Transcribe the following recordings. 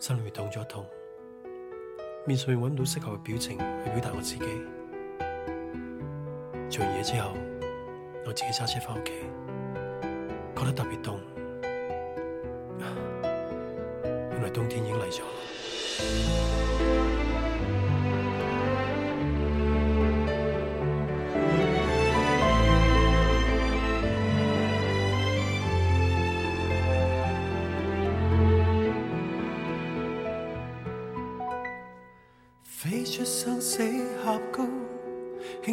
心裏面痛咗一痛，面上面揾唔到適合嘅表情去表達我自己。做完嘢之後，我自己揸車返屋企，覺得特別凍。原來冬天已經嚟咗。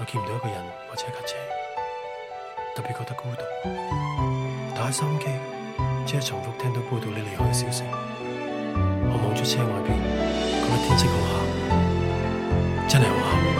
我見唔到一個人或者一架車，特別覺得孤獨。打開收音機，只係重複聽到報道你離開嘅消息。我望住車外面，嗰日天色好黑，真係好黑。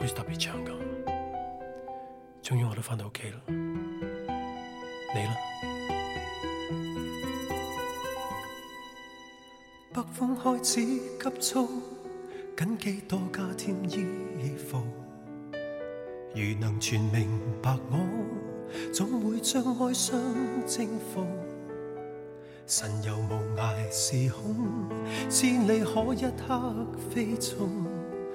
好似特別長咁，終於我都返到屋企啦。你咧？北風開始急促，緊記多加添衣服。如能全明白我，總會將哀傷征服。神有無涯時空，千里可一刻飛縱。